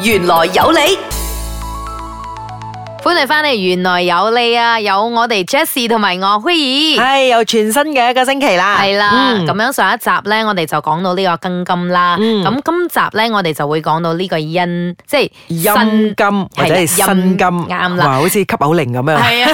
玄來有理。歡迎翻嚟《玄來有理》啊，有我哋 Jessie 同埋我輝兒，係又全新嘅一個星期啦。係啦，咁樣上一集咧，我哋就講到呢個庚金啦。咁今集咧，我哋就會講到呢個陰，即係陰金或者係辛金啱啦，好似吸口令咁樣。係啊，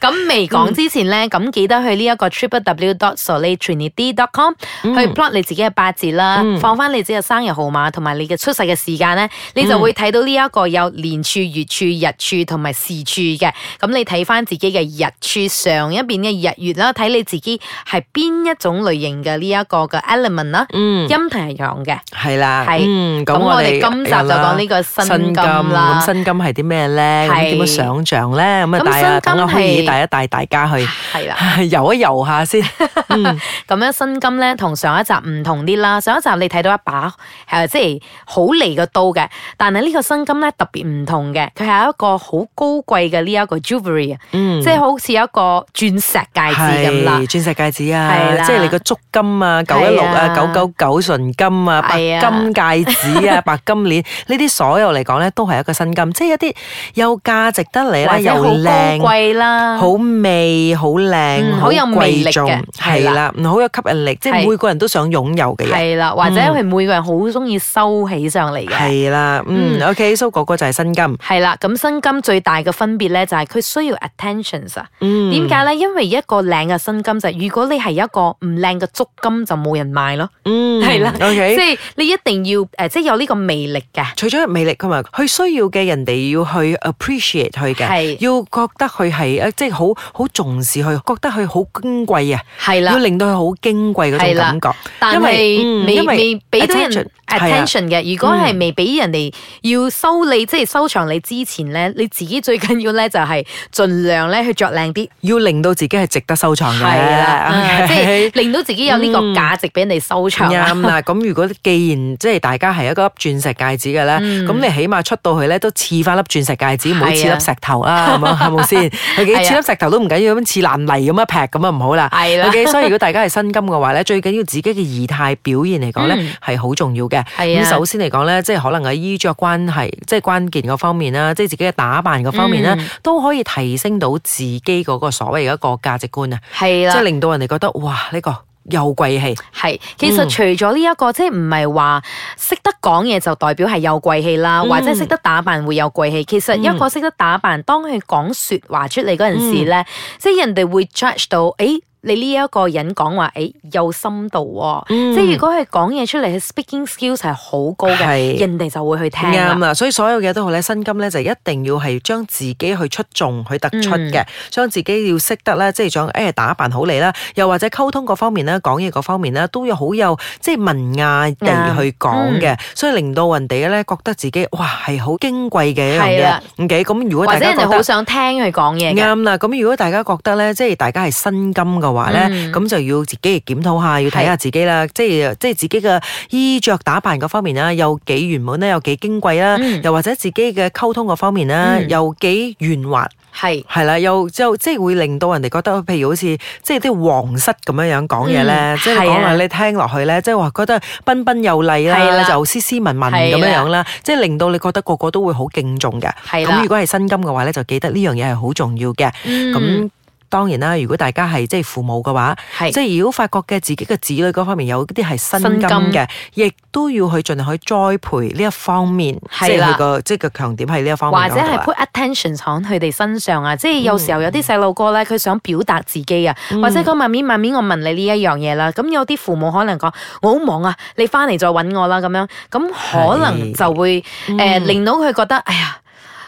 咁未講之前咧，咁記得去呢一個 www.solidarity.com 去 plot 你自己嘅八字啦，放翻你自己嘅生日號碼同埋你嘅出世嘅時間咧，你就會睇到呢一個有年柱、月柱、日柱同。咪時柱嘅，咁你睇返自己嘅日柱上一邊嘅日月啦，睇你自己係邊一種類型嘅呢一個嘅 element 啦。嗯，陰同係陽嘅，係啦的。嗯，咁的、嗯、我哋今集就講呢個辛金啦。咁辛金係啲咩咧？咁點樣想象咧？咁啊，等啊，等可以帶一帶大家去，係啦的，遊一遊下先。咁樣、嗯嗯、辛金咧，同上一集唔同啲啦。上一集你睇到一把係即係好利嘅刀嘅，但係呢個辛金咧特別唔同嘅，佢係一個好高貴嘅呢一個 jewelry 啊，即係好似一個鑽石戒指咁啦，鑽石戒指啊，即係你個足金啊，九一六啊，九九九純金啊，白金戒指啊，白金鏈呢啲所有嚟講咧，都係一個新金，即係一啲有價值得嚟啦，又靚啦，好味，好靚，好有魅力嘅，係啦，好有吸引力，即係每個人都想擁有嘅嘢，係啦，或者係每個人好中意收起上嚟嘅，係啦，嗯，OK，蘇哥哥就係新金，係啦，咁新金最。大嘅分別咧，就係佢需要 attentions 啊。點解咧？因為一個靚嘅薪金就係，如果你係一個唔靚嘅足金，就冇人買咯。嗯，係啦的。OK，即係你一定要即係、呃即係、有呢個魅力嘅。除咗魅力，佢話佢需要嘅人哋要去 appreciate 佢嘅，係是要覺得佢係即係好好重視佢，覺得佢好矜貴啊。係啦的，要令到佢好矜貴嗰種感覺。係啦，但因為、嗯、因為俾人。人 Attention 嘅，如果係未俾人哋要收你，即係收藏你之前咧，你自己最緊要咧就係盡量咧去着靚啲，要令到自己係值得收藏嘅，即係令到自己有呢個價值俾人哋收藏。啱啦，咁如果既然即係大家係一粒鑽石戒指嘅咧，咁你起碼出到去咧都似翻粒鑽石戒指，唔好似粒石頭啊，係咪？係咪先？似粒石頭都唔緊要，咁似爛泥咁樣劈咁啊唔好啦，係啦。所以如果大家係身金嘅話咧，最緊要自己嘅儀態表現嚟講咧係好重要嘅。咁、啊、首先嚟講咧，即係可能喺衣着關係，即係關鍵個方面啦，即係自己嘅打扮個方面咧，嗯、都可以提升到自己嗰個所謂嘅一個價值觀啊。係啦，即係令到人哋覺得哇，呢、呢個又貴氣。係，其實除咗呢一個，嗯、即係唔係話識得講嘢就代表係有貴氣啦，嗯、或者識得打扮會有貴氣。其實一個識得打扮，當佢講說話出嚟嗰陣時咧，嗯、即係人哋會 judge 到誒。哎你呢一個人講話，誒有深度喎，即係如果佢講嘢出嚟，佢 speaking skills 係好高嘅，人哋就會去聽㗎。啱啦，所以所有嘢都好咧，辛金咧就一定要係將自己去出眾、去突出嘅，將自己要識得咧，即係將誒打扮好你啦，又或者溝通各方面咧、講嘢各方面咧，都要好有即係文雅地去講嘅，所以令到人哋咧覺得自己哇係好矜貴嘅一樣嘢。O K，咁如果或者你好想聽佢講嘢，啱啦。咁如果大家覺得咧，即係大家係辛金嘅。話咧，咁就要自己檢討下，要睇下自己啦，即係即係自己嘅衣着打扮嗰方面啦，有幾圓滿咧，有幾矜貴啦，又或者自己嘅溝通嗰方面咧，又幾圓滑，係係啦，又就即係會令到人哋覺得，譬如好似即係啲皇室咁樣樣講嘢咧，即係講嚟你聽落去咧，即係話覺得彬彬有禮啦，就斯斯文文咁樣樣啦，即係令到你覺得個個都會好敬重嘅。咁如果係薪金嘅話咧，就記得呢樣嘢係好重要嘅。咁當然啦，如果大家係即係父母嘅話，是即係如果發覺嘅自己嘅子女嗰方面有啲係薪金嘅，亦都金要去盡量去栽培呢一方面，是的即係佢個即係個強點係呢一方面的，或者係 put attention 喺佢哋身上啊。即係有時候有啲細路哥咧，佢想表達自己啊，嗯、或者佢慢面慢面，慢慢我問你呢一樣嘢啦。咁有啲父母可能講，我好忙啊，你翻嚟再揾我啦咁樣，咁可能就會誒是、呃、令到佢覺得、嗯、哎呀。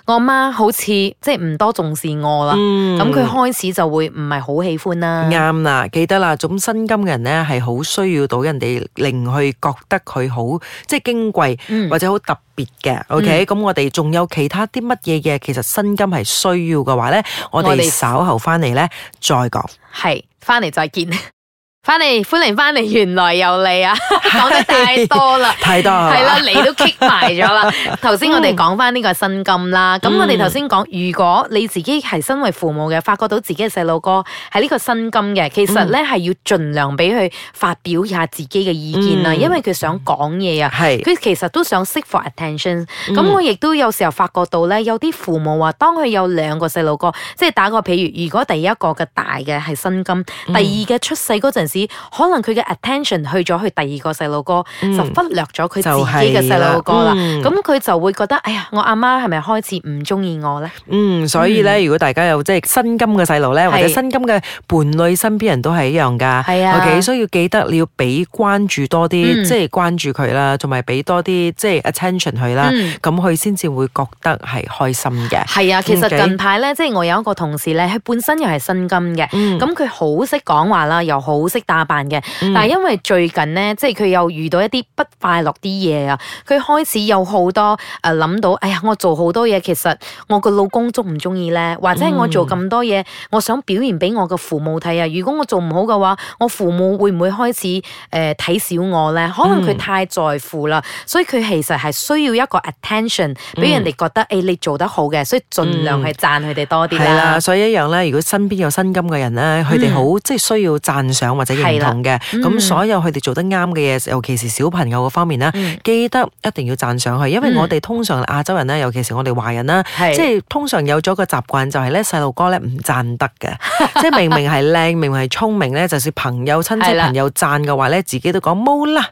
我媽好似即係唔多重視我啦，咁佢、嗯、開始就會唔係好喜歡啦。啱啦，記得啦，種薪金嘅人咧係好需要到人哋令佢覺得佢好即係矜貴或者好特別嘅。OK，咁我哋仲有其他啲乜嘢嘅？其實薪金係需要嘅話咧，我哋稍後翻嚟咧再講。係們，翻嚟再見。翻嚟，歡迎翻嚟，玄來有理啊！講 得太多啦， 太多係了啦，了 你都 k 埋咗啦。頭先我哋講翻呢個新金啦，咁、嗯、我哋頭先講，如果你自己係身為父母嘅，發覺到自己嘅細路哥係呢個新金嘅，其實咧係、嗯、要盡量俾佢發表一下自己嘅意見啊，嗯、因為佢想講嘢啊，佢是其實都想 seek for attention、嗯。咁我亦都有時候發覺到咧，有啲父母話，當佢有兩個細路哥，即、就、係、是、打個譬如，如果第一個嘅大嘅係新金，嗯、第二嘅出世嗰陣時。可能佢嘅 attention 去咗去第二個細路哥，就忽略咗佢自己嘅細路哥啦。咁佢就會覺得，哎呀，我阿媽係咪開始唔中意我咧？嗯，所以咧，如果大家有即係辛金嘅細路咧，或者辛金嘅伴侶身邊人都係一樣噶，係啊，所以要記得你要俾關注多啲，即係關注佢啦，同埋俾多啲即係 attention 佢啦，咁佢先至會覺得係開心嘅。係啊，其實近排咧，即係我有一個同事咧，佢本身又係辛金嘅，咁佢好識講話啦，又好。識打扮嘅，但係因為最近咧，嗯、即係佢又遇到一啲不快樂啲嘢啊，佢開始有好多誒諗、啊、到，哎呀，我做好多嘢，其實我個老公中唔中意咧？或者我做咁多嘢，嗯、我想表現俾我個父母睇啊。如果我做唔好嘅話，我父母會唔會開始誒睇、呃、小我咧？可能佢太在乎啦，嗯、所以佢其實係需要一個 attention，俾人哋覺得誒、嗯哎、你做得好嘅，所以盡量係讚佢哋多啲啦。係啦、嗯，所以一樣咧，如果身邊有薪金嘅人咧，佢哋好即係需要讚賞認同嘅，咁、嗯、所有佢哋做得啱嘅嘢，尤其是小朋友方面啦，嗯、記得一定要讚上去，因為我哋通常亞洲人啦，嗯、尤其是我哋華人啦，的即係通常有咗個習慣，就係咧細路哥咧唔讚得嘅，即係明明係靚， 明明係聰明咧，就算朋友、親戚、的朋友讚嘅話咧，自己都講冇啦。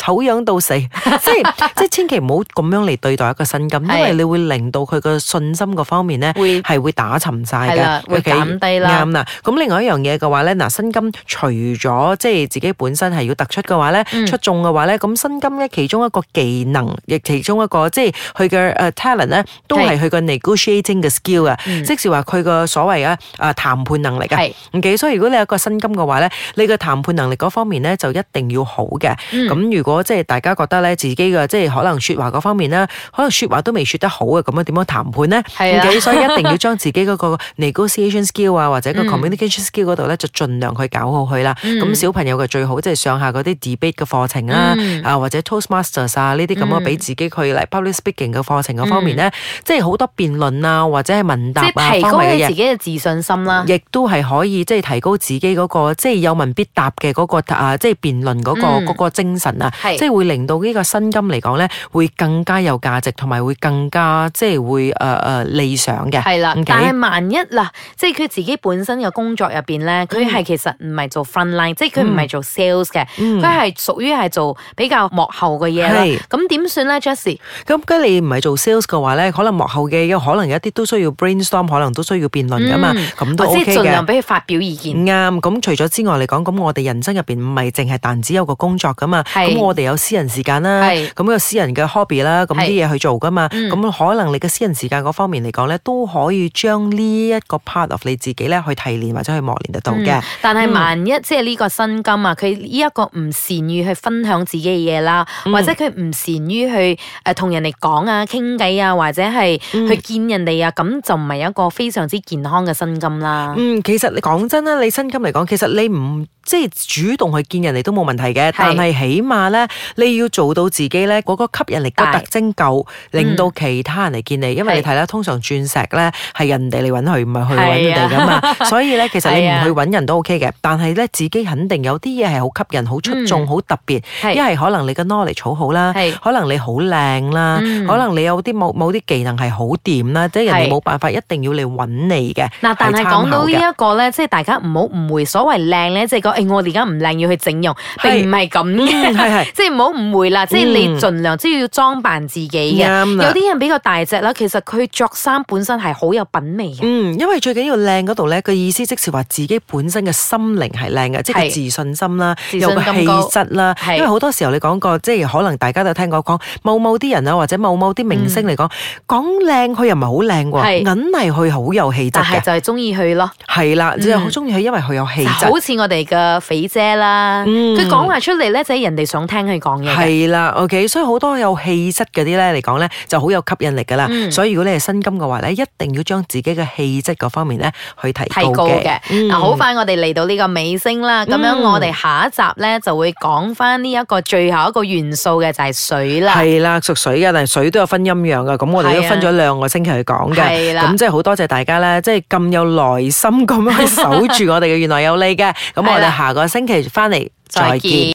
醜樣到死，即係即係千祈唔好咁樣嚟對待一個辛金， 因為你會令到佢嘅信心嗰方面咧，係會打沉晒嘅，的，okay, 會減低啦。啱啦，咁另外一樣嘢嘅話咧，嗱辛金除咗即係自己本身係要突出嘅話咧，嗯、出眾嘅話咧，咁辛金咧其中一個技能，亦其中一個即係佢嘅 talent 咧，都係佢嘅 negotiating 嘅 skill 啊，即是話佢個所謂啊談判能力啊。的所以如果你有一個辛金嘅話咧，你嘅談判能力嗰方面咧就一定要好嘅。咁、嗯、如果如果即係大家覺得咧，自己嘅即係可能說話嗰方面可能說話都未說得好啊，咁樣點樣談判咧？係啊，所以一定要將自己嗰個 negotiation skill 啊，或者個 communication skill 嗰度咧，嗯、就盡量去搞好佢啦。咁、嗯、小朋友嘅最好即係、就是、上下嗰啲 debate 嘅課程啊，啊或者 Toastmasters 啊呢、嗯、啲咁樣，俾自己去嚟 public speaking 嘅課程嗰方面咧，即係好多辯論啊，或者係、啊嗯啊、問答啊，提高自己嘅自信心啦，亦都係可以即係提高自己嗰、那個即係有問必答嘅嗰、那個、啊、即係辯論嗰個、嗯、那個精神啊。是即係會令到呢個薪金嚟講咧，會更加有價值，同埋會更加即係會誒誒、呃、理想嘅。係啦，okay? 但係萬一啦即係佢自己本身嘅工作入邊咧，佢係、嗯、其實唔係做 front line，、嗯、即係佢唔係做 sales 嘅，佢係、嗯、屬於係做比較幕後嘅嘢咁點算咧，Jesse？咁如果你唔係做 sales 嘅話咧，可能幕後嘅，可能有一啲都需要 brainstorm，可能都需要辯論噶嘛，咁、嗯、都 O K 嘅。我盡量俾佢發表意見。啱，咁除咗之外嚟講，咁我哋人生入邊唔係淨係但只是單有個工作噶嘛。我哋有私人時間啦，咁是有私人嘅 hobby 啦是，咁啲嘢去做噶嘛，咁、嗯、可能你嘅私人時間嗰方面嚟講咧，都可以將呢一個 part of 你自己咧去提煉或者去磨練得到嘅、嗯。但係萬一、嗯、即係呢個薪金啊，佢呢一個唔善於去分享自己嘅嘢啦，嗯、或者佢唔善於去誒同、呃、人哋講啊、傾偈啊，或者係去見人哋啊，咁、嗯、就唔係一個非常之健康嘅薪金啦。嗯，其實你講真啦，你薪金嚟講，其實你唔即係主動去見人哋都冇問題嘅，是但係起碼咧。咧，你要做到自己咧嗰個吸引力嘅特徵夠，令到其他人嚟見你。因為你睇啦，通常鑽石咧係人哋嚟揾佢，唔係去揾人哋㗎嘛。所以咧，其實你唔去揾人都 OK 嘅。但係咧，自己肯定有啲嘢係好吸引、好出眾、好特別。一係可能你嘅 knowledge 好啦，可能你好靚啦，可能你有啲冇冇啲技能係好掂啦，即係人哋冇辦法一定要嚟揾你嘅。嗱，但係講到呢一個咧，即係大家唔好誤會，所謂靚咧，即係講，誒我哋而家唔靚要去整容，並唔係咁嘅。即係唔好誤會啦，即係你盡量即係要裝扮自己嘅。有啲人比較大隻啦，其實佢着衫本身係好有品味嘅。因為最緊要靚嗰度咧，佢意思即是話自己本身嘅心靈係靚嘅，即係自信心啦，有個氣質啦。因為好多時候你講過，即係可能大家都聽過講某某啲人啊，或者某某啲明星嚟，講講靚，佢又唔係好靚喎，硬係佢好有氣質嘅。就係中意佢咯。係啦，你係好中意佢，因為佢有氣質。好似我哋嘅肥姐啦，佢講話出嚟咧，就係人哋想。聽佢講嘢係啦，OK，所以好多有氣質嗰啲咧嚟講咧就好有吸引力噶啦。嗯、所以如果你係新金嘅話咧，一定要將自己嘅氣質嗰方面咧去提高嘅。嗱、嗯啊，好快我哋嚟到呢個尾聲啦。咁、嗯、樣我哋下一集咧就會講翻呢一個最後一個元素嘅就係水啦。係啦，屬水嘅，但係水都有分陰陽㗎。咁我哋都分咗兩個星期去講嘅。係啦，咁的即係好多謝大家咧，即係咁有耐心咁樣守住我哋嘅原來有你嘅。咁 的我哋下個星期翻嚟的再見。再見